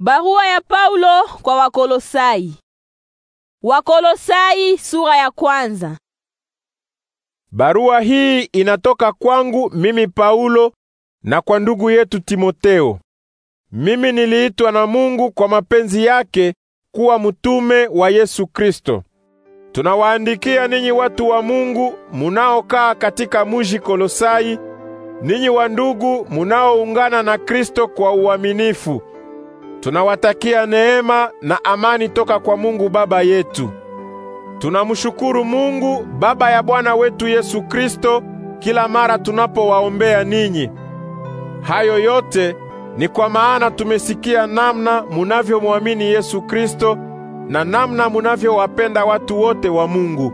Barua ya Paulo kwa Wakolosai. Wakolosai sura ya kwanza. Barua hii inatoka kwangu mimi Paulo na kwa ndugu yetu Timoteo. Mimi niliitwa na Mungu kwa mapenzi yake kuwa mtume wa Yesu Kristo. Tunawaandikia ninyi watu wa Mungu munaokaa katika mji Kolosai, ninyi wandugu munaoungana na Kristo kwa uaminifu. Tunawatakia neema na amani toka kwa Mungu Baba yetu. Tunamshukuru Mungu Baba ya Bwana wetu Yesu Kristo kila mara tunapowaombea ninyi. Hayo yote ni kwa maana tumesikia namna munavyomwamini Yesu Kristo na namna munavyowapenda watu wote wa Mungu.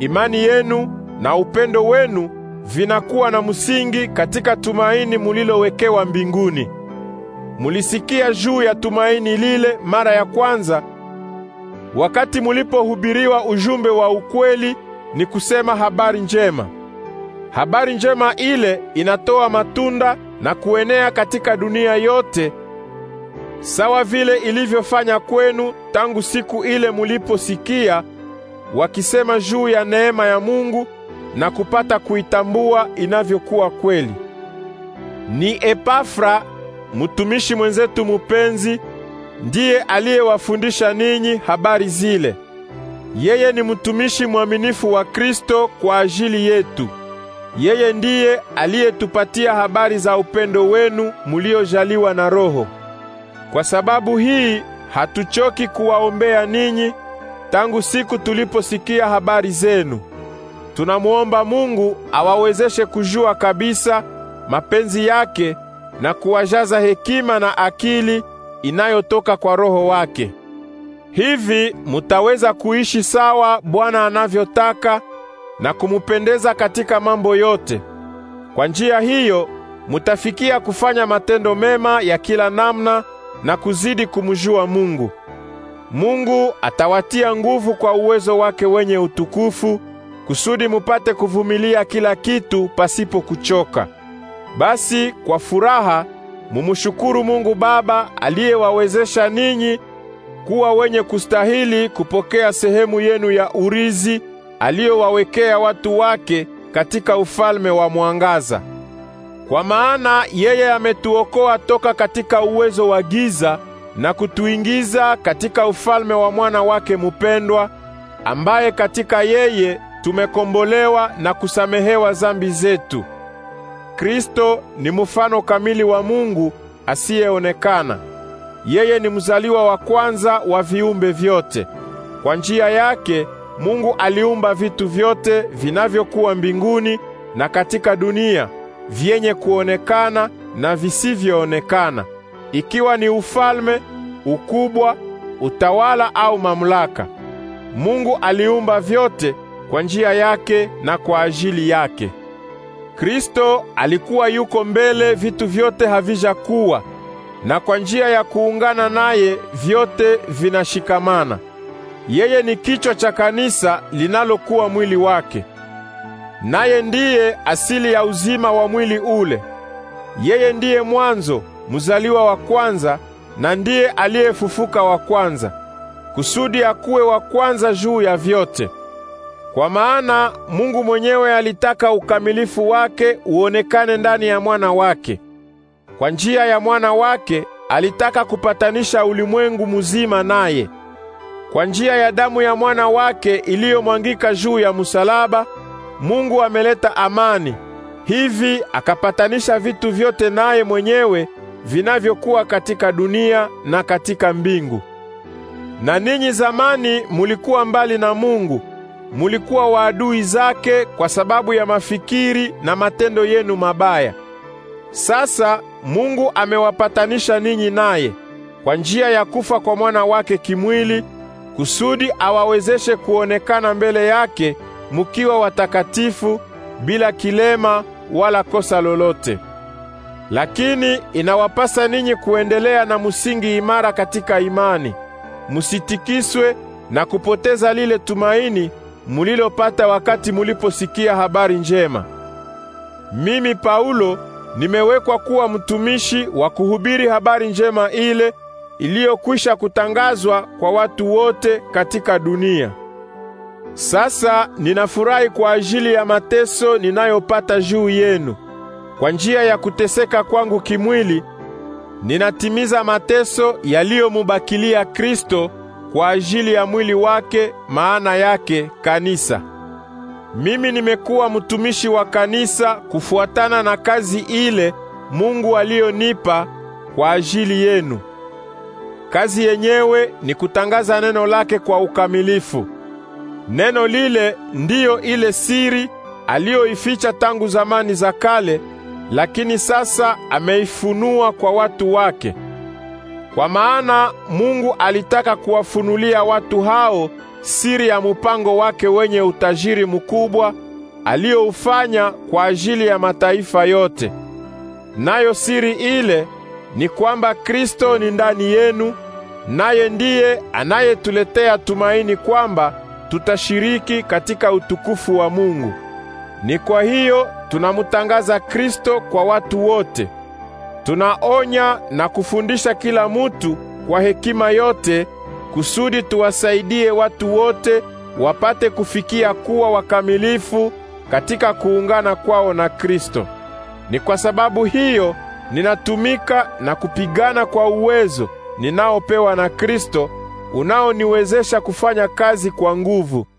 Imani yenu na upendo wenu vinakuwa na msingi katika tumaini mulilowekewa mbinguni mulisikia juu ya tumaini lile mara ya kwanza wakati mulipohubiriwa ujumbe wa ukweli, ni kusema habari njema. Habari njema ile inatoa matunda na kuenea katika dunia yote, sawa vile ilivyofanya kwenu tangu siku ile muliposikia wakisema juu ya neema ya Mungu na kupata kuitambua inavyokuwa kweli. Ni Epafra mtumishi mwenzetu mupenzi ndiye aliyewafundisha ninyi habari zile. Yeye ni mtumishi mwaminifu wa Kristo kwa ajili yetu. Yeye ndiye aliyetupatia habari za upendo wenu muliojaliwa na Roho. Kwa sababu hii hatuchoki kuwaombea ninyi tangu siku tuliposikia habari zenu. Tunamwomba Mungu awawezeshe kujua kabisa mapenzi yake na kuwajaza hekima na akili inayotoka kwa Roho wake. Hivi mutaweza kuishi sawa Bwana anavyotaka na kumupendeza katika mambo yote. Kwa njia hiyo mutafikia kufanya matendo mema ya kila namna na kuzidi kumjua Mungu. Mungu atawatia nguvu kwa uwezo wake wenye utukufu kusudi mupate kuvumilia kila kitu pasipo kuchoka. Basi kwa furaha mumshukuru Mungu Baba aliyewawezesha ninyi kuwa wenye kustahili kupokea sehemu yenu ya urizi aliyowawekea watu wake katika ufalme wa mwangaza. Kwa maana yeye ametuokoa toka katika uwezo wa giza na kutuingiza katika ufalme wa mwana wake mupendwa, ambaye katika yeye tumekombolewa na kusamehewa zambi zetu. Kristo ni mfano kamili wa Mungu asiyeonekana. Yeye ni mzaliwa wa kwanza wa viumbe vyote. Kwa njia yake Mungu aliumba vitu vyote vinavyokuwa mbinguni na katika dunia, vyenye kuonekana na visivyoonekana, ikiwa ni ufalme, ukubwa, utawala au mamlaka. Mungu aliumba vyote kwa njia yake na kwa ajili yake. Kristo alikuwa yuko mbele, vitu vyote havijakuwa, na kwa njia ya kuungana naye vyote vinashikamana. Yeye ni kichwa cha kanisa linalokuwa mwili wake, naye ndiye asili ya uzima wa mwili ule. Yeye ndiye mwanzo, mzaliwa wa kwanza, na ndiye aliyefufuka wa kwanza, kusudi akuwe wa kwanza juu ya vyote. Kwa maana Mungu mwenyewe alitaka ukamilifu wake uonekane ndani ya mwana wake. Kwa njia ya mwana wake alitaka kupatanisha ulimwengu mzima naye. Kwa njia ya damu ya mwana wake iliyomwangika juu ya msalaba, Mungu ameleta amani. Hivi akapatanisha vitu vyote naye mwenyewe vinavyokuwa katika dunia na katika mbingu. Na ninyi zamani mulikuwa mbali na Mungu mulikuwa waadui zake kwa sababu ya mafikiri na matendo yenu mabaya. Sasa Mungu amewapatanisha ninyi naye kwa njia ya kufa kwa mwana wake kimwili, kusudi awawezeshe kuonekana mbele yake mukiwa watakatifu bila kilema wala kosa lolote. Lakini inawapasa ninyi kuendelea na msingi imara katika imani, musitikiswe na kupoteza lile tumaini mulilopata wakati muliposikia habari njema. Mimi Paulo nimewekwa kuwa mtumishi wa kuhubiri habari njema ile iliyokwisha kutangazwa kwa watu wote katika dunia. Sasa ninafurahi kwa ajili ya mateso ninayopata juu yenu. Kwa njia ya kuteseka kwangu kimwili, ninatimiza mateso yaliyomubakilia Kristo kwa ajili ya mwili wake, maana yake kanisa. Mimi nimekuwa mtumishi wa kanisa kufuatana na kazi ile Mungu aliyonipa kwa ajili yenu. Kazi yenyewe ni kutangaza neno lake kwa ukamilifu. Neno lile ndiyo ile siri aliyoificha tangu zamani za kale, lakini sasa ameifunua kwa watu wake. Kwa maana Mungu alitaka kuwafunulia watu hao siri ya mpango wake wenye utajiri mkubwa aliyoufanya kwa ajili ya mataifa yote. Nayo siri ile ni kwamba Kristo ni ndani yenu, naye ndiye anayetuletea tumaini kwamba tutashiriki katika utukufu wa Mungu. Ni kwa hiyo tunamtangaza Kristo kwa watu wote. Tunaonya na kufundisha kila mutu kwa hekima yote kusudi tuwasaidie watu wote wapate kufikia kuwa wakamilifu katika kuungana kwao na Kristo. Ni kwa sababu hiyo ninatumika na kupigana kwa uwezo ninaopewa na Kristo unaoniwezesha kufanya kazi kwa nguvu.